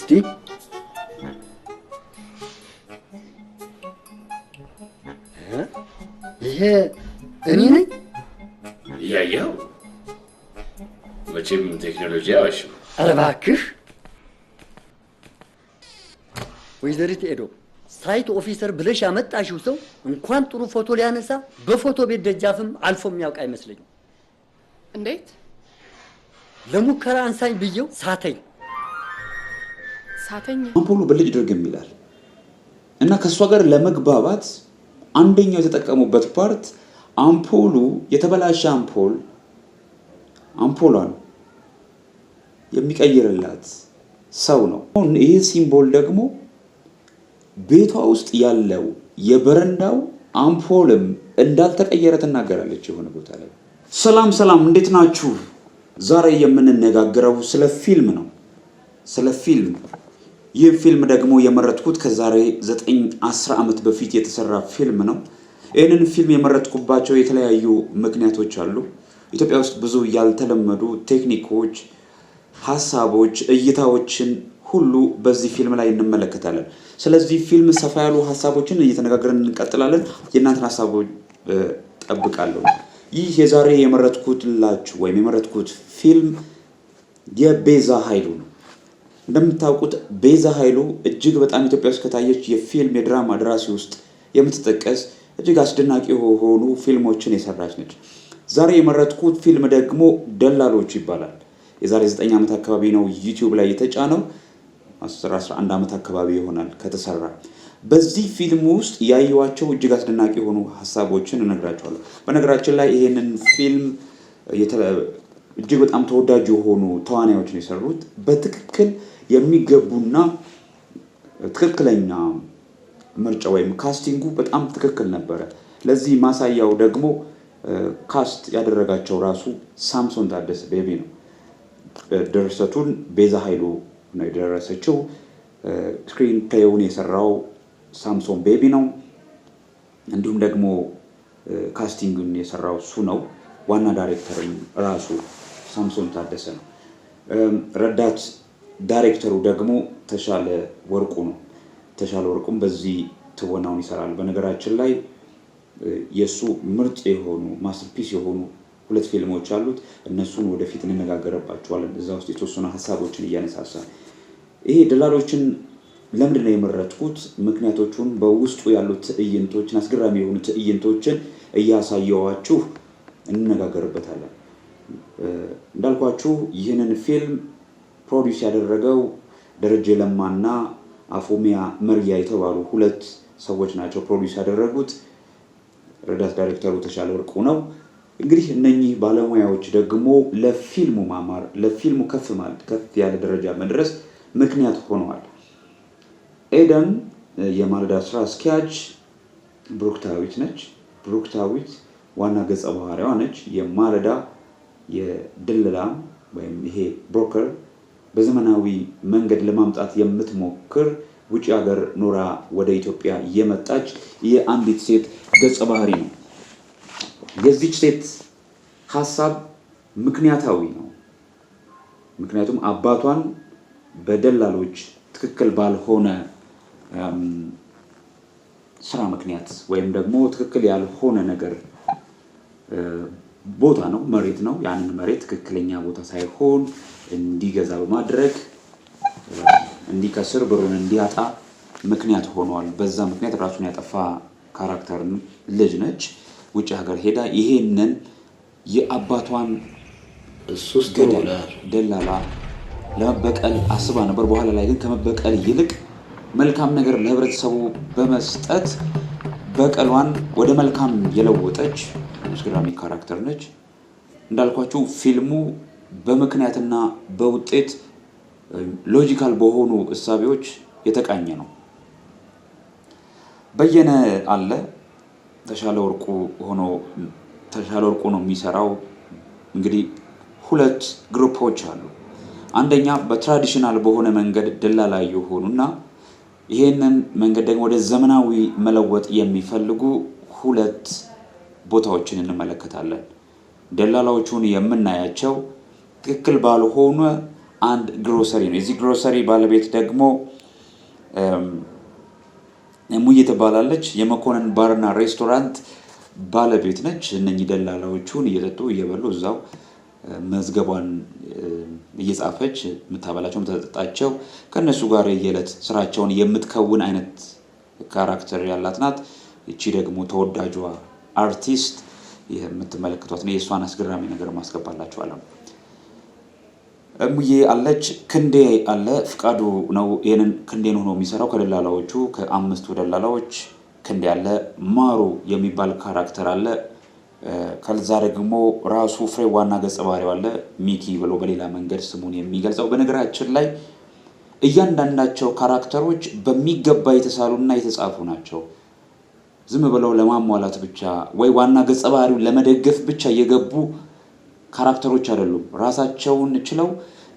እስቲ ይሄ እኔ ነኝ። እያየኸው መቼም ቴክኖሎጂ አዋሽ ነው። ኧረ እባክህ ወይዘሪት ኤዶ ሳይት ኦፊሰር ብለሽ ያመጣሽው ሰው እንኳን ጥሩ ፎቶ ሊያነሳ በፎቶ ቤት ደጃፍም አልፎ የሚያውቅ አይመስለኝም። እንዴት ለሙከራ አንሳኝ ብዬው ሳተኝ ሳተኛ አምፖሉ ብልጭ ድርግ የሚላል እና ከእሷ ጋር ለመግባባት አንደኛው የተጠቀሙበት ፓርት አምፖሉ የተበላሸ አምፖል አምፖሏን የሚቀይርላት ሰው ነው። ይህ ሲምቦል ደግሞ ቤቷ ውስጥ ያለው የበረንዳው አምፖልም እንዳልተቀየረ ትናገራለች የሆነ ቦታ ላይ። ሰላም ሰላም፣ እንዴት ናችሁ? ዛሬ የምንነጋገረው ስለ ፊልም ነው። ስለ ፊልም ይህ ፊልም ደግሞ የመረጥኩት ከዛሬ 9 10 ዓመት በፊት የተሰራ ፊልም ነው። ይህንን ፊልም የመረጥኩባቸው የተለያዩ ምክንያቶች አሉ። ኢትዮጵያ ውስጥ ብዙ ያልተለመዱ ቴክኒኮች፣ ሀሳቦች፣ እይታዎችን ሁሉ በዚህ ፊልም ላይ እንመለከታለን። ስለዚህ ፊልም ሰፋ ያሉ ሀሳቦችን እየተነጋገርን እንቀጥላለን። የእናንተን ሀሳቦች ጠብቃለሁ። ይህ የዛሬ የመረጥኩትላችሁ ወይም የመረጥኩት ፊልም የቤዛ ኃይሉ ነው። እንደምታውቁት ቤዛ ኃይሉ እጅግ በጣም ኢትዮጵያ ውስጥ ከታየች የፊልም የድራማ ደራሲ ውስጥ የምትጠቀስ እጅግ አስደናቂ የሆኑ ፊልሞችን የሰራች ነች። ዛሬ የመረጥኩት ፊልም ደግሞ ደላሎቹ ይባላል። የዛሬ 9 ዓመት አካባቢ ነው ዩቲዩብ ላይ የተጫነው። 11 ዓመት አካባቢ ይሆናል ከተሰራ። በዚህ ፊልም ውስጥ ያየኋቸው እጅግ አስደናቂ የሆኑ ሀሳቦችን እነግራቸዋለሁ። በነገራችን ላይ ይሄንን ፊልም እጅግ በጣም ተወዳጅ የሆኑ ተዋናዮች ነው የሰሩት። በትክክል የሚገቡና ትክክለኛ ምርጫ ወይም ካስቲንጉ በጣም ትክክል ነበረ። ለዚህ ማሳያው ደግሞ ካስት ያደረጋቸው ራሱ ሳምሶን ታደሰ ቤቢ ነው። ድርሰቱን ቤዛ ኃይሉ ነው የደረሰችው። ስክሪን ፕሌውን የሰራው ሳምሶን ቤቢ ነው። እንዲሁም ደግሞ ካስቲንግን የሰራው እሱ ነው። ዋና ዳይሬክተርም ራሱ ሳምሶን ታደሰ ነው። ረዳት ዳይሬክተሩ ደግሞ ተሻለ ወርቁ ነው። ተሻለ ወርቁም በዚህ ትወናውን ይሰራል። በነገራችን ላይ የእሱ ምርጥ የሆኑ ማስተርፒስ የሆኑ ሁለት ፊልሞች አሉት። እነሱን ወደፊት እንነጋገረባቸዋለን። እዛ ውስጥ የተወሰኑ ሀሳቦችን እያነሳሳ ይሄ ደላሎችን ለምንድን ነው የመረጥኩት? ምክንያቶቹን በውስጡ ያሉ ትዕይንቶችን፣ አስገራሚ የሆኑ ትዕይንቶችን እያሳየዋችሁ እንነጋገርበታለን። እንዳልኳችሁ ይህንን ፊልም ፕሮዲስ ያደረገው ደረጀ ለማና አፎሚያ መርያ የተባሉ ሁለት ሰዎች ናቸው ፕሮዲስ ያደረጉት። ረዳት ዳይሬክተሩ ተሻለ ወርቁ ነው። እንግዲህ እነኚህ ባለሙያዎች ደግሞ ለፊልሙ ማማር፣ ለፊልሙ ከፍ ማለት ከፍ ያለ ደረጃ መድረስ ምክንያት ሆነዋል። ኤደን የማለዳ ስራ አስኪያጅ ብሩክታዊት ነች። ብሩክታዊት ዋና ገጸ ባህሪዋ ነች። የማለዳ የድለላ ወይም ይሄ ብሮከር በዘመናዊ መንገድ ለማምጣት የምትሞክር ውጭ ሀገር ኖራ ወደ ኢትዮጵያ የመጣች የአንዲት ሴት ገጸ ባህሪ ነው። የዚች ሴት ሀሳብ ምክንያታዊ ነው። ምክንያቱም አባቷን በደላሎች ትክክል ባልሆነ ስራ ምክንያት ወይም ደግሞ ትክክል ያልሆነ ነገር ቦታ ነው፣ መሬት ነው። ያንን መሬት ትክክለኛ ቦታ ሳይሆን እንዲገዛ በማድረግ እንዲከስር ብሩን እንዲያጣ ምክንያት ሆኗል። በዛ ምክንያት ራሱን ያጠፋ ካራክተር ልጅ ነች። ውጭ ሀገር ሄዳ ይሄንን የአባቷን ገደል ደላላ ለመበቀል አስባ ነበር። በኋላ ላይ ግን ከመበቀል ይልቅ መልካም ነገር ለህብረተሰቡ በመስጠት በቀሏን ወደ መልካም የለወጠች አስገራሚ ካራክተር ነች። እንዳልኳችሁ ፊልሙ በምክንያትና በውጤት ሎጂካል በሆኑ እሳቤዎች የተቃኘ ነው። በየነ አለ ተሻለ ወርቁ ሆኖ ተሻለ ወርቁ ነው የሚሰራው። እንግዲህ ሁለት ግሩፖች አሉ። አንደኛ በትራዲሽናል በሆነ መንገድ ደላላ እና ይሄንን መንገድ ደግሞ ወደ ዘመናዊ መለወጥ የሚፈልጉ ሁለት ቦታዎችን እንመለከታለን። ደላላዎቹን የምናያቸው ትክክል ባልሆነ አንድ ግሮሰሪ ነው። የዚህ ግሮሰሪ ባለቤት ደግሞ ሙዬ ትባላለች። የመኮንን ባርና ሬስቶራንት ባለቤት ነች። እነኚህ ደላላዎቹን እየጠጡ እየበሉ እዛው መዝገቧን እየጻፈች የምታበላቸው የምታጠጣቸው ከእነሱ ጋር የዕለት ስራቸውን የምትከውን አይነት ካራክተር ያላት ናት። ይቺ ደግሞ ተወዳጇ አርቲስት የምትመለከቷት የእሷን አስገራሚ ነገር ማስገባላችኋለሁ። እሙዬ አለች፣ ክንዴ አለ። ፍቃዱ ነው ይህንን ክንዴን ሆኖ የሚሰራው ከደላላዎቹ ከአምስቱ ደላላዎች ክንዴ አለ። ማሩ የሚባል ካራክተር አለ። ከዛ ደግሞ ራሱ ፍሬ ዋና ገጸ ባህሪው አለ፣ ሚኪ ብሎ በሌላ መንገድ ስሙን የሚገልጸው። በነገራችን ላይ እያንዳንዳቸው ካራክተሮች በሚገባ የተሳሉና የተጻፉ ናቸው። ዝም ብለው ለማሟላት ብቻ ወይ ዋና ገጸ ባህሪው ለመደገፍ ብቻ የገቡ። ካራክተሮች አይደሉም። ራሳቸውን ችለው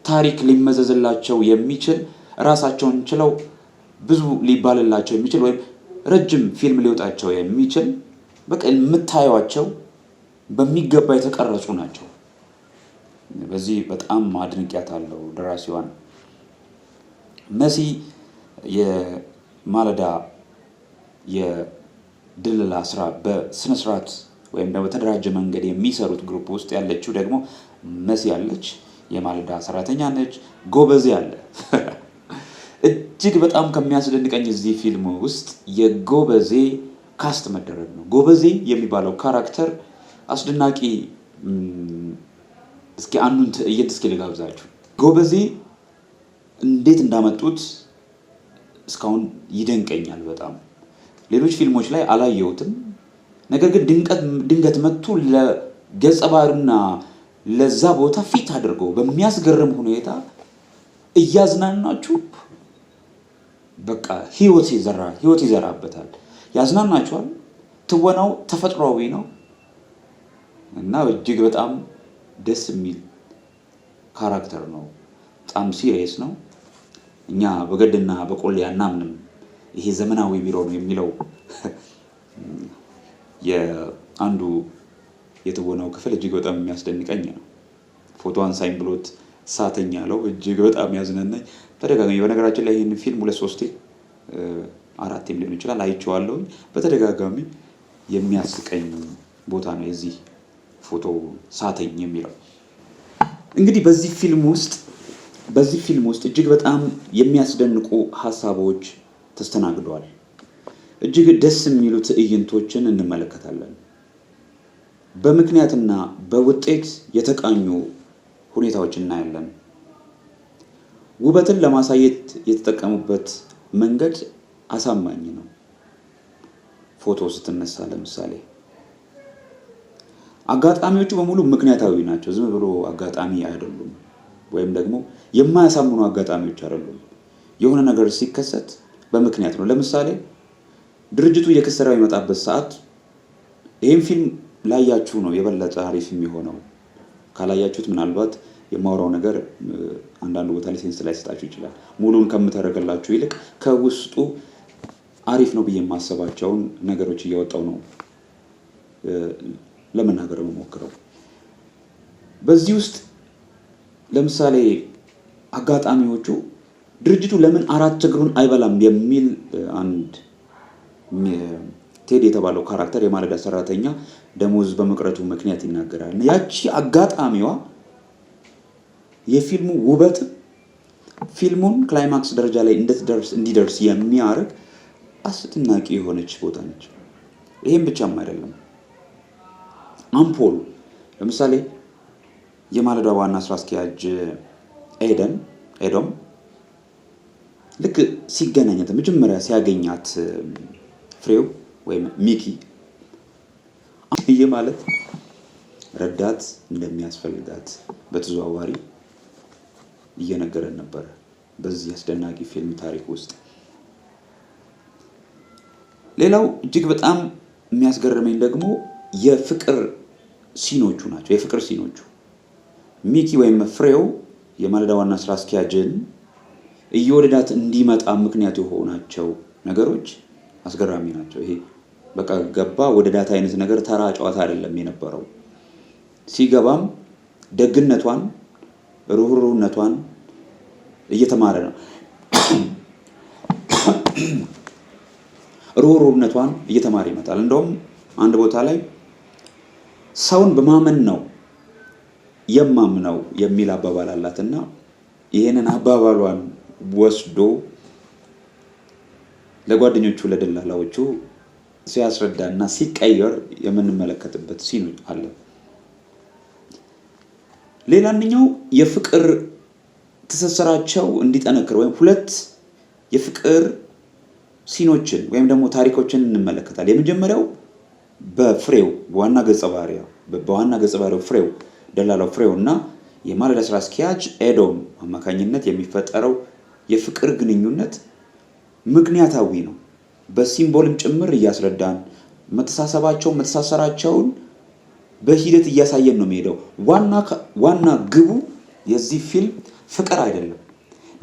ታሪክ ሊመዘዝላቸው የሚችል ራሳቸውን ችለው ብዙ ሊባልላቸው የሚችል ወይም ረጅም ፊልም ሊወጣቸው የሚችል በቃ የምታዩቸው በሚገባ የተቀረጹ ናቸው። በዚህ በጣም አድንቂያት አለው ደራሲዋን መሲ የማለዳ የድልላ ስራ በስነስርዓት ወይም ደግሞ በተደራጀ መንገድ የሚሰሩት ግሩፕ ውስጥ ያለችው ደግሞ መሲ ያለች የማለዳ ሰራተኛ ነች። ጎበዜ አለ። እጅግ በጣም ከሚያስደንቀኝ እዚህ ፊልም ውስጥ የጎበዜ ካስት መደረግ ነው። ጎበዜ የሚባለው ካራክተር አስደናቂ። እስኪ አንዱን ትዕይንት እስኪ ልጋብዛችሁ። ጎበዜ እንዴት እንዳመጡት እስካሁን ይደንቀኛል በጣም ሌሎች ፊልሞች ላይ አላየሁትም። ነገር ግን ድንገት መጥቶ ለገጸ ለዛ ቦታ ፊት አድርገው በሚያስገርም ሁኔታ እያዝናናችሁ በቃ ህይወት ይዘራ ህይወት ይዘራበታል። ያዝናናችኋል። ትወናው ተፈጥሯዊ ነው እና እጅግ በጣም ደስ የሚል ካራክተር ነው። በጣም ሲሪየስ ነው። እኛ በገድና በቆሌ አናምንም። ይሄ ዘመናዊ ቢሮ ነው የሚለው አንዱ የትወናው ክፍል እጅግ በጣም የሚያስደንቀኝ ነው። ፎቶ አንሳኝ ብሎት ሳተኝ ያለው እጅግ በጣም ያዝናናኝ ተደጋጋሚ በነገራችን ላይ ይህን ፊልም ሁለት ሶስቴ አራቴም ሊሆን ይችላል አይቼዋለሁ። በተደጋጋሚ የሚያስቀኝ ቦታ ነው የዚህ ፎቶ ሳተኝ የሚለው እንግዲህ በዚህ ፊልም ውስጥ በዚህ ፊልም ውስጥ እጅግ በጣም የሚያስደንቁ ሀሳቦች ተስተናግደዋል። እጅግ ደስ የሚሉ ትዕይንቶችን እንመለከታለን። በምክንያትና በውጤት የተቃኙ ሁኔታዎች እናያለን። ውበትን ለማሳየት የተጠቀሙበት መንገድ አሳማኝ ነው። ፎቶ ስትነሳ ለምሳሌ አጋጣሚዎቹ በሙሉ ምክንያታዊ ናቸው። ዝም ብሎ አጋጣሚ አይደሉም፣ ወይም ደግሞ የማያሳምኑ አጋጣሚዎች አይደሉም። የሆነ ነገር ሲከሰት በምክንያት ነው። ለምሳሌ ድርጅቱ እየከሰረ የሚመጣበት ሰዓት ይህም ፊልም ላያችሁ ነው የበለጠ አሪፍ የሚሆነው። ካላያችሁት ምናልባት የማውራው ነገር አንዳንድ ቦታ ላይ ሴንስ ላይ ሰጣችሁ ይችላል። ሙሉን ከምተረገላችሁ ይልቅ ከውስጡ አሪፍ ነው ብዬ የማሰባቸውን ነገሮች እያወጣው ነው ለመናገር የምሞክረው። በዚህ ውስጥ ለምሳሌ አጋጣሚዎቹ ድርጅቱ ለምን አራት ችግሩን አይበላም የሚል አንድ ቴድ የተባለው ካራክተር የማለዳ ሰራተኛ ደሞዝ በመቅረቱ ምክንያት ይናገራል። ያቺ አጋጣሚዋ የፊልሙ ውበት ፊልሙን ክላይማክስ ደረጃ ላይ እንዲደርስ የሚያደርግ አስደናቂ የሆነች ቦታ ነች። ይህም ብቻም አይደለም። አምፖሉ ለምሳሌ የማለዳ ዋና ስራ አስኪያጅ ኤደን ኤዶም ልክ ሲገናኛት መጀመሪያ ሲያገኛት ፍሬው ወይም ሚኪ ይህ ማለት ረዳት እንደሚያስፈልጋት በተዘዋዋሪ እየነገረን ነበረ። በዚህ አስደናቂ ፊልም ታሪክ ውስጥ ሌላው እጅግ በጣም የሚያስገርመኝ ደግሞ የፍቅር ሲኖቹ ናቸው። የፍቅር ሲኖቹ ሚኪ ወይም ፍሬው የማለዳ ዋና ስራ አስኪያጅን እየወደዳት እንዲመጣ ምክንያት የሆናቸው ነገሮች አስገራሚ ናቸው። ይሄ በቃ ገባ ወደ ዳታ አይነት ነገር ተራ ጨዋታ አይደለም የነበረው። ሲገባም ደግነቷን ሩህሩህነቷን እየተማረ ነው። ሩህሩህነቷን እየተማረ ይመጣል። እንደውም አንድ ቦታ ላይ ሰውን በማመን ነው የማምነው የሚል አባባል አላትና ይህንን አባባሏን ወስዶ ለጓደኞቹ ለደላላዎቹ ሲያስረዳ እና ሲቀየር የምንመለከትበት ሲኑ አለ። ሌላኛው የፍቅር ትስስራቸው እንዲጠነክር ወይም ሁለት የፍቅር ሲኖችን ወይም ደግሞ ታሪኮችን እንመለከታል። የመጀመሪያው በፍሬው በዋና ገጸ ባህሪያው በዋና ገጸ ባህሪያው ፍሬው ደላላው ፍሬው እና የማለዳ ስራ አስኪያጅ ኤዶም አማካኝነት የሚፈጠረው የፍቅር ግንኙነት ምክንያታዊ ነው። በሲምቦልም ጭምር እያስረዳን መተሳሰባቸውን መተሳሰራቸውን በሂደት እያሳየን ነው የሚሄደው። ዋና ግቡ የዚህ ፊልም ፍቅር አይደለም፣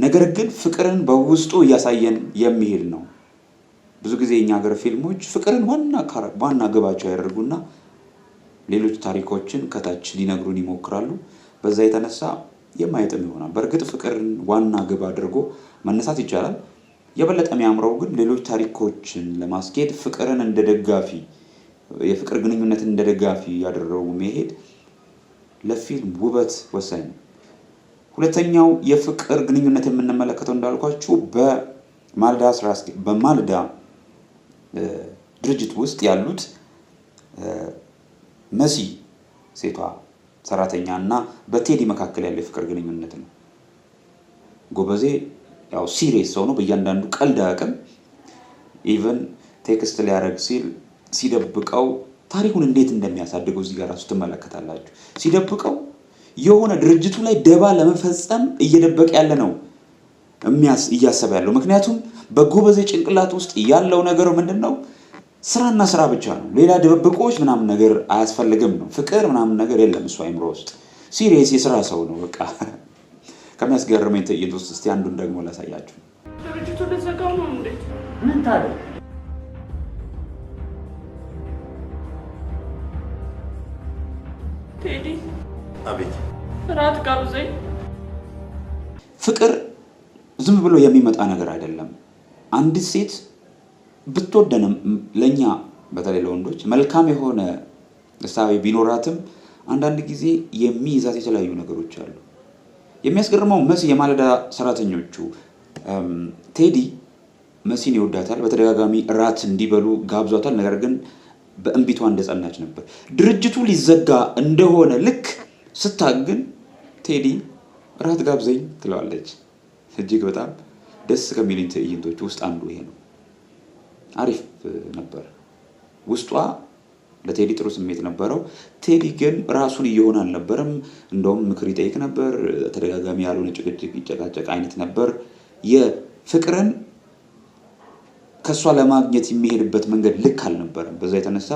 ነገር ግን ፍቅርን በውስጡ እያሳየን የሚሄድ ነው። ብዙ ጊዜ የኛ ሀገር ፊልሞች ፍቅርን ዋና ግባቸው ያደርጉና ሌሎች ታሪኮችን ከታች ሊነግሩን ይሞክራሉ። በዛ የተነሳ የማይጥም ይሆናል። በእርግጥ ፍቅርን ዋና ግብ አድርጎ መነሳት ይቻላል። የበለጠ የሚያምረው ግን ሌሎች ታሪኮችን ለማስኬድ ፍቅርን እንደ ደጋፊ የፍቅር ግንኙነትን እንደ ደጋፊ ያደረጉ መሄድ ለፊልም ውበት ወሳኝ ነው። ሁለተኛው የፍቅር ግንኙነት የምንመለከተው እንዳልኳችሁ በማልዳ በማልዳ ድርጅት ውስጥ ያሉት መሲ ሴቷ ሰራተኛ እና በቴዲ መካከል ያለው የፍቅር ግንኙነት ነው። ጎበዜ ያው ሲሪየስ ሰው ነው። በእያንዳንዱ ቀልድ አያውቅም። ኢቨን ቴክስት ሊያደርግ ሲል ሲደብቀው ታሪኩን እንዴት እንደሚያሳድገው እዚህ ጋር ራሱ ትመለከታላችሁ። ሲደብቀው የሆነ ድርጅቱ ላይ ደባ ለመፈጸም እየደበቀ ያለ ነው እያሰበ ያለው። ምክንያቱም በጎበዜ ጭንቅላት ውስጥ ያለው ነገር ምንድን ነው? ስራና ስራ ብቻ ነው። ሌላ ድብብቆች ምናምን ነገር አያስፈልግም ነው። ፍቅር ምናምን ነገር የለም እሱ አይምሮ ውስጥ። ሲሪየስ የስራ ሰው ነው በቃ ከሚያስገርመኝ ትዕይንት ውስጥ እስቲ አንዱን ደግሞ ላሳያችሁ። ድርጅቱ ልዘጋው ነው እንዴት? ምን ታዲያ ቴዲ። አቤት። እራት ጋብዘኝ። ፍቅር ዝም ብሎ የሚመጣ ነገር አይደለም። አንዲት ሴት ብትወደንም ለእኛ በተለይ ለወንዶች መልካም የሆነ እሳቤ ቢኖራትም አንዳንድ ጊዜ የሚይዛት የተለያዩ ነገሮች አሉ። የሚያስገርመው መሲ የማለዳ ሰራተኞቹ ቴዲ መሲን ይወዳታል። በተደጋጋሚ እራት እንዲበሉ ጋብዟታል። ነገር ግን በእንቢቷ እንደጸናች ነበር። ድርጅቱ ሊዘጋ እንደሆነ ልክ ስታግን ቴዲ እራት ጋብዘኝ ትለዋለች። እጅግ በጣም ደስ ከሚልኝ ትዕይንቶች ውስጥ አንዱ ይሄ ነው። አሪፍ ነበር ውስጧ ለቴዲ ጥሩ ስሜት ነበረው። ቴዲ ግን ራሱን እየሆነ አልነበረም። እንደውም ምክር ይጠይቅ ነበር። ተደጋጋሚ ያልሆነ ጭቅጭቅ ይጨቃጨቅ አይነት ነበር። የፍቅርን ከእሷ ለማግኘት የሚሄድበት መንገድ ልክ አልነበረም። በዛ የተነሳ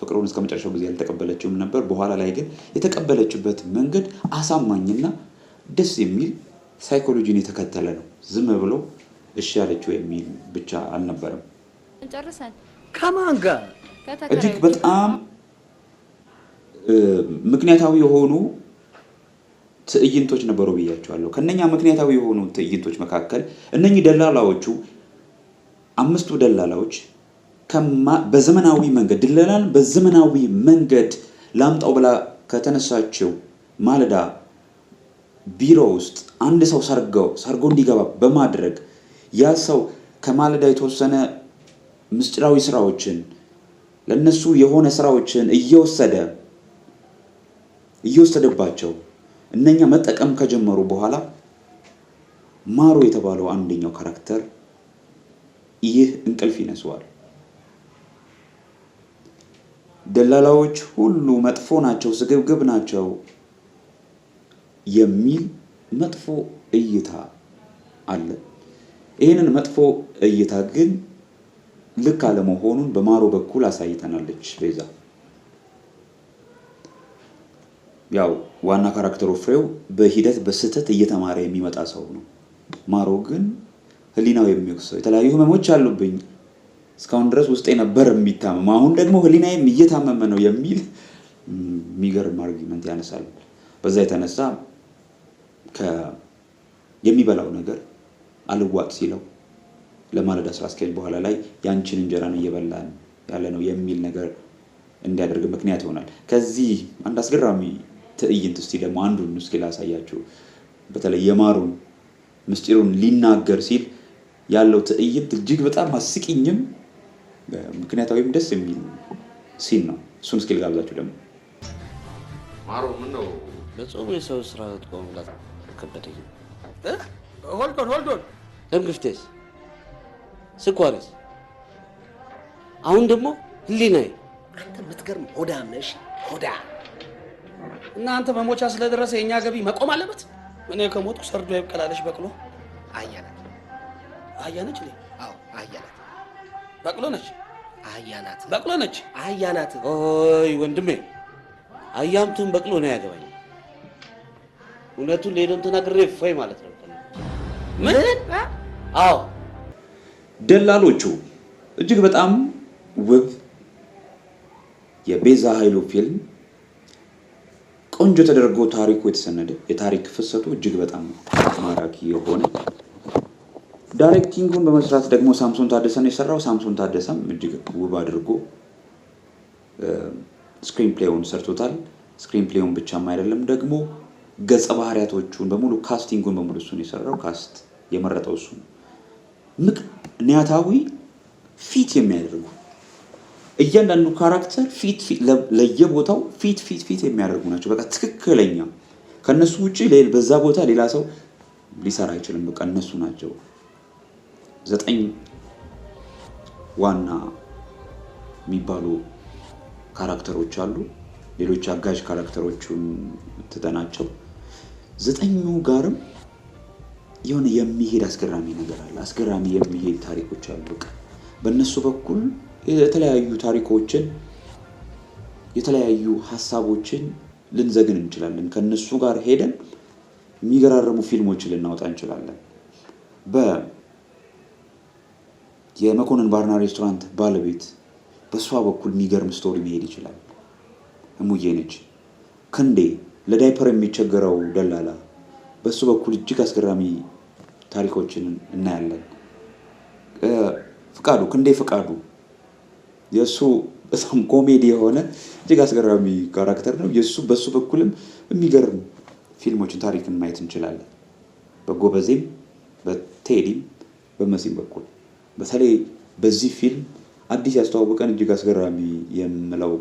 ፍቅሩን እስከ መጨረሻው ጊዜ አልተቀበለችውም ነበር። በኋላ ላይ ግን የተቀበለችበት መንገድ አሳማኝና ደስ የሚል ሳይኮሎጂን የተከተለ ነው። ዝም ብሎ እሺ ያለችው የሚል ብቻ አልነበረም። ጨርሰን ከማን ጋር እጅግ በጣም ምክንያታዊ የሆኑ ትዕይንቶች ነበሩ ብያቸዋለሁ። ከነኛ ምክንያታዊ የሆኑ ትዕይንቶች መካከል እነኚህ ደላላዎቹ አምስቱ ደላላዎች በዘመናዊ መንገድ ድለላል በዘመናዊ መንገድ ላምጣው ብላ ከተነሳችው ማለዳ ቢሮ ውስጥ አንድ ሰው ሰርገው ሰርጎ እንዲገባ በማድረግ ያ ሰው ከማለዳ የተወሰነ ምስጢራዊ ስራዎችን ለእነሱ የሆነ ስራዎችን እየወሰደ እየወሰደባቸው እነኛ መጠቀም ከጀመሩ በኋላ ማሮ የተባለው አንደኛው ካራክተር ይህ እንቅልፍ ይነሳዋል። ደላላዎች ሁሉ መጥፎ ናቸው፣ ስግብግብ ናቸው የሚል መጥፎ እይታ አለ። ይህንን መጥፎ እይታ ግን ልክ አለመሆኑን በማሮ በኩል አሳይተናለች ቤዛ። ያው ዋና ካራክተሩ ፍሬው በሂደት በስህተት እየተማረ የሚመጣ ሰው ነው። ማሮ ግን ህሊናው ሰው የተለያዩ ህመሞች አሉብኝ እስካሁን ድረስ ውስጤ ነበር የሚታመም አሁን ደግሞ ህሊናዬም እየታመመ ነው የሚል የሚገርም አርጊመንት ያነሳል። በዛ የተነሳ የሚበላው ነገር አልዋጥ ሲለው ለማለዳ ስራ አስኪያጅ በኋላ ላይ ያንቺን እንጀራ ነው እየበላን ያለ ነው የሚል ነገር እንዲያደርግ ምክንያት ይሆናል። ከዚህ አንድ አስገራሚ ትዕይንት እስቲ ደግሞ አንዱን እስኪ ላሳያችሁ። በተለይ የማሩን ምስጢሩን ሊናገር ሲል ያለው ትዕይንት እጅግ በጣም አስቂኝም ምክንያታዊም ደስ የሚል ሲል ነው። እሱን እስኪ ልጋብዛችሁ ደግሞ ማሩ በጾም የሰው ስራ ቆምላት ከበደኝ። ሆልዶን ሆልዶን ለምግፍቴስ ስኳርስ አሁን ደግሞ ህሊናዬ አንተ የምትገርም ሆዳ ነሽ ሆዳ እና አንተ መሞቻ ስለደረሰ የእኛ ገቢ መቆም አለበት እኔ ከሞትኩ ሰርዶ ይብቀላለሽ በቅሎ አህያ አያነች አህያ አዎ አህያ በቅሎ ነች አያናት በቅሎ ነች አያናት ናት ኦይ ወንድሜ አያምቱን በቅሎ ነው ያገባኝ እውነቱን ለሄዶም ተናግሬ እፎይ ማለት ነው ምን አዎ ደላሎቹ እጅግ በጣም ውብ የቤዛ ኃይሉ ፊልም ቆንጆ ተደርጎ ታሪኩ የተሰነደ የታሪክ ፍሰቱ እጅግ በጣም ማራኪ የሆነ ዳይሬክቲንጉን በመስራት ደግሞ ሳምሶን ታደሰን የሰራው ሳምሶን ታደሰም እጅግ ውብ አድርጎ ስክሪን ፕሌውን ሰርቶታል። ስክሪን ፕሌውን ብቻም አይደለም ደግሞ ገጸ ባህሪያቶቹን በሙሉ ካስቲንጉን በሙሉ እሱን የሰራው ካስት የመረጠው እሱ ነው። ምክንያታዊ ፊት የሚያደርጉ እያንዳንዱ ካራክተር ፊት ለየቦታው ፊት ፊት ፊት የሚያደርጉ ናቸው። በቃ ትክክለኛ ከእነሱ ውጭ በዛ ቦታ ሌላ ሰው ሊሰራ አይችልም። በቃ እነሱ ናቸው ዘጠኝ ዋና የሚባሉ ካራክተሮች አሉ። ሌሎች አጋዥ ካራክተሮቹን ትተናቸው ዘጠኙ ጋርም የሆነ የሚሄድ አስገራሚ ነገር አለ። አስገራሚ የሚሄድ ታሪኮች አሉ። በእነሱ በኩል የተለያዩ ታሪኮችን የተለያዩ ሀሳቦችን ልንዘግን እንችላለን። ከእነሱ ጋር ሄደን የሚገራረሙ ፊልሞችን ልናወጣ እንችላለን። የመኮንን ባርና ሬስቶራንት ባለቤት በእሷ በኩል የሚገርም ስቶሪ መሄድ ይችላል። እሙዬ ነች። ክንዴ ለዳይፐር የሚቸገረው ደላላ በእሱ በኩል እጅግ አስገራሚ ታሪኮችን እናያለን። ፍቃዱ ክንዴ ፍቃዱ የእሱ በጣም ኮሜዲ የሆነ እጅግ አስገራሚ ካራክተር ነው። የእሱ በእሱ በኩልም የሚገርም ፊልሞችን ታሪክን ማየት እንችላለን። በጎበዜም፣ በቴዲም፣ በመሲም በኩል በተለይ በዚህ ፊልም አዲስ ያስተዋወቀን እጅግ አስገራሚ የምለው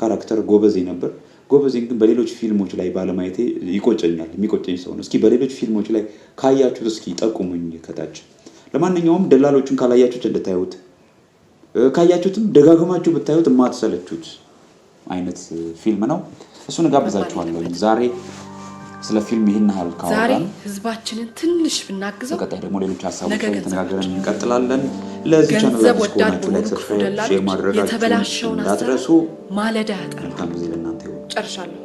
ካራክተር ጎበዜ ነበር። ጎበዝ ግን በሌሎች ፊልሞች ላይ ባለማየቴ ይቆጨኛል። የሚቆጨኝ ሰው ነው። እስኪ በሌሎች ፊልሞች ላይ ካያችሁት እስኪ ጠቁሙኝ ከታች። ለማንኛውም ደላሎቹን ካላያችሁት እንድታዩት ካያችሁትም ደጋግማችሁ ብታዩት የማትሰለቹት አይነት ፊልም ነው። እሱን ጋብዛችኋለሁ ዛሬ ስለ ፊልም ይህን ያህል ዛሬ ህዝባችንን ትንሽ ብናግዘው፣ በቀጣይ ደግሞ ሌሎች ሀሳቦች ተነጋገረን እንቀጥላለን። ለዚህ ቻናል ላይክ፣ ሰብስክራይብ፣ ሼር ማድረጋችሁን እንዳትረሱ። ማለዳ ያጠራል። ጨርሻለሁ።